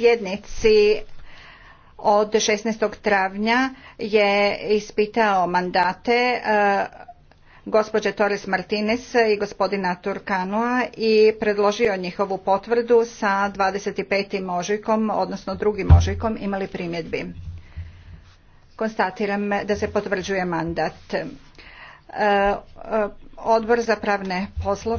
sjednici od 16. travnja je ispitao mandate e, gospođe Torres Martinez i gospodina Turkanua i predložio njihovu potvrdu sa 25. ožujkom, odnosno drugim ožujkom imali primjedbi. Konstatiram da se potvrđuje mandat. E, e, Odbor za pravne poslove